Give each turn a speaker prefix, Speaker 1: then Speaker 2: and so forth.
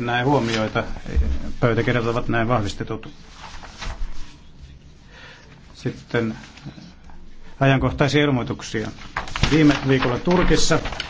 Speaker 1: näin huomioita. Pöytäkirjat ovat näin vahvistetut. Sitten ajankohtaisia ilmoituksia.
Speaker 2: Viime viikolla Turkissa